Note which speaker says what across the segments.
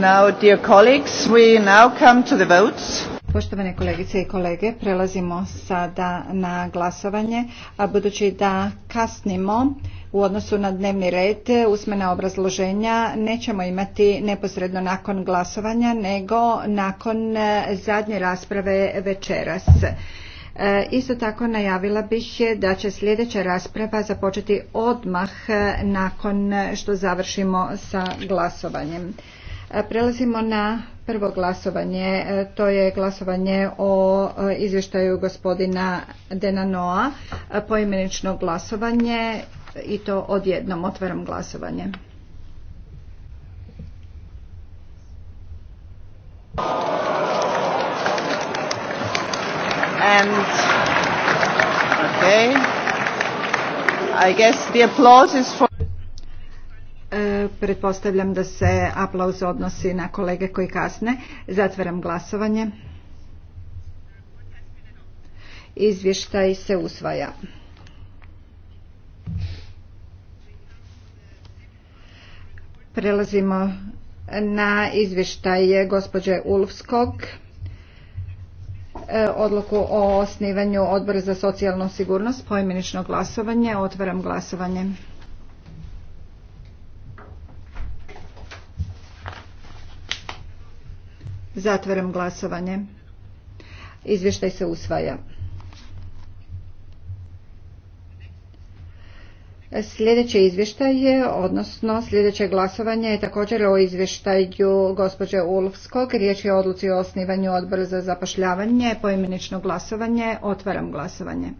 Speaker 1: Now, Poštovane kolegice i kolege, prelazimo sada na glasovanje, a budući da kasnimo u odnosu na dnevni red, usmena obrazloženja nećemo imati neposredno nakon glasovanja, nego nakon e, zadnje rasprave večeras. E, isto tako najavila bih da će sljedeća rasprava započeti odmah e, nakon što završimo sa glasovanjem. E, prelazimo na prvo glasovanje. E, to je glasovanje o e, izvještaju gospodina Denanoa. Poimenično glasovanje i to odjednom otvaram glasovanje. And, okay. I guess the applause is Pretpostavljam da se aplauz odnosi na kolege koji kasne. Zatvaram glasovanje. Izvještaj se usvaja. Prelazimo na izvještaj gospođe Ulfskog e, odluku o osnivanju odbora za socijalnu sigurnost pojmenično glasovanje otvaram glasovanje Zatvaram glasovanje. Izvještaj se usvaja. Sljedeće je odnosno sljedeće glasovanje je također o izvještaju gospođe Ulfskog. Riječ je o odluci o osnivanju odbora za zapošljavanje, poimenično glasovanje. Otvaram glasovanje.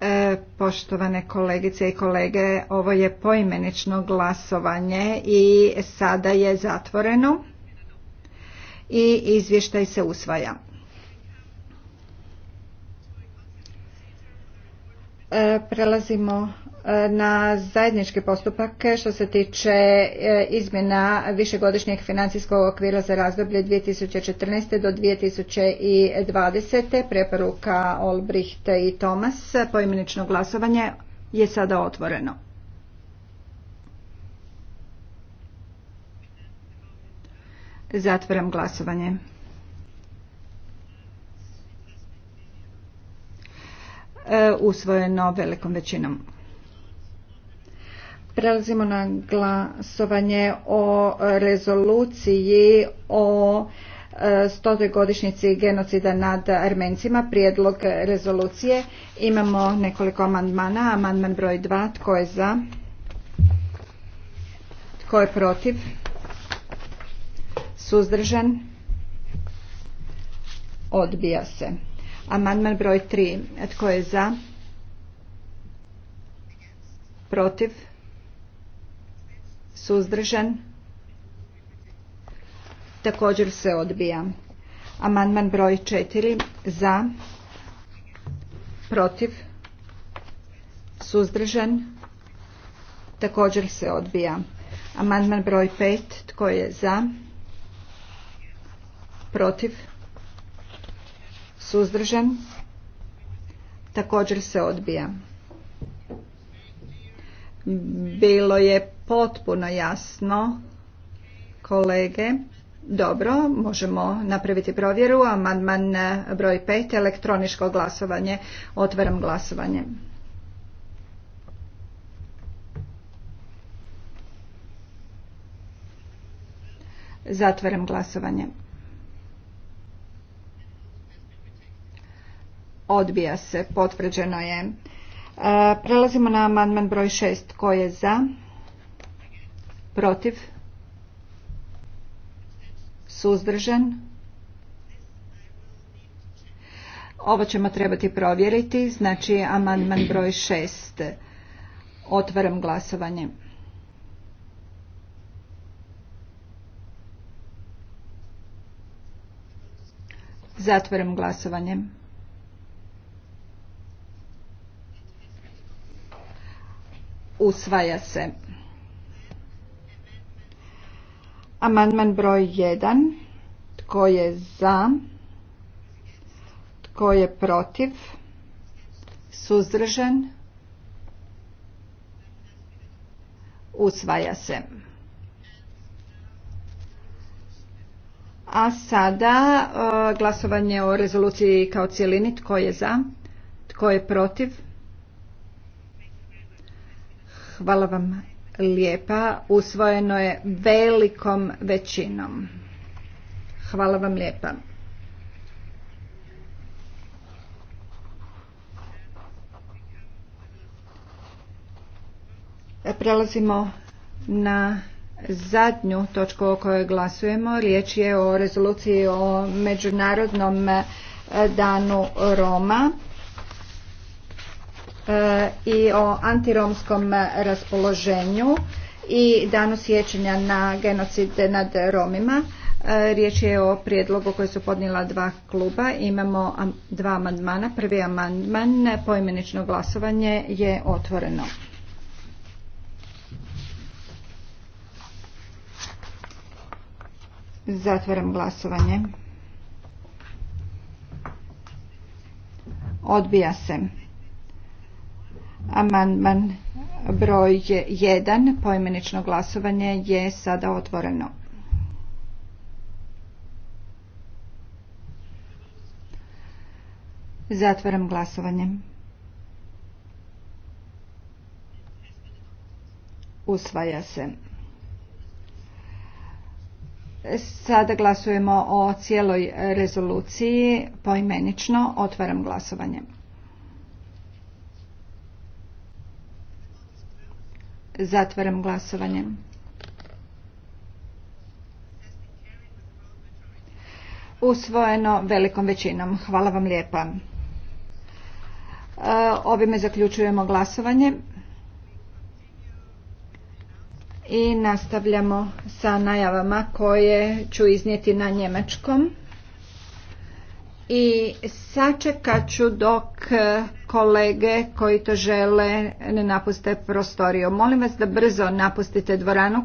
Speaker 1: E, poštovane kolegice i kolege, ovo je poimenično glasovanje i sada je zatvoreno i izvještaj se usvaja. E, prelazimo E, na zajednički postupak što se tiče e, izmjena višegodišnjeg financijskog okvira za razdoblje 2014. do 2020. preporuka Olbricht i Tomas poimenično glasovanje je sada otvoreno. Zatvaram glasovanje. E, usvojeno velikom većinom. Prelazimo na glasovanje o rezoluciji o e, stotoj godišnjici genocida nad Armencima, prijedlog rezolucije. Imamo nekoliko amandmana. Amandman broj 2. Tko je za? Tko je protiv? Suzdržan? Odbija se. Amandman broj 3. Tko je za? Protiv? Suzdržan? Također se odbija. Amandman broj četiri Za? Protiv? Suzdržan? Također se odbija. Amandman broj pet Tko je za? Protiv? Suzdržan? Također se odbija. Bilo je potpuno jasno kolege. Dobro, možemo napraviti provjeru. Amandman e, broj 5, elektroničko glasovanje. Otvaram glasovanje. Zatvaram glasovanje. Odbija se, potvrđeno je. Prelazimo na amandman broj 6. Tko je za? Protiv? Suzdržan? Ovo ćemo trebati provjeriti. Znači, amandman broj 6. Otvaram glasovanje. Zatvaram glasovanje. usvaja se. Amandman broj 1. Tko je za? Tko je protiv? Suzdržan? Usvaja se. A sada e, glasovanje o rezoluciji kao cijelini. Tko je za? Tko je protiv? Hvala vam lijepa. Usvojeno je velikom većinom. Hvala vam lijepa. Prelazimo na zadnju točku o kojoj glasujemo. Riječ je o rezoluciji o Međunarodnom danu Roma. E, i o antiromskom raspoloženju i danu sjećanja na genocid nad Romima. E, riječ je o prijedlogu koji su podnijela dva kluba. Imamo dva amandmana. Prvi amandman poimenično glasovanje je otvoreno. Zatvaram glasovanje. Odbija se. Amandman broj 1, poimenično glasovanje je sada otvoreno. Zatvaram glasovanje. Usvaja se. Sada glasujemo o cijeloj rezoluciji poimenično. Otvaram glasovanje. Zatvaram glasovanje. Usvojeno velikom većinom. Hvala vam lijepa. E, ovime zaključujemo glasovanje. I nastavljamo sa najavama koje ću iznijeti na njemačkom i sačekat ću dok e, kolege koji to žele ne napuste prostoriju. Molim vas da brzo napustite dvoranu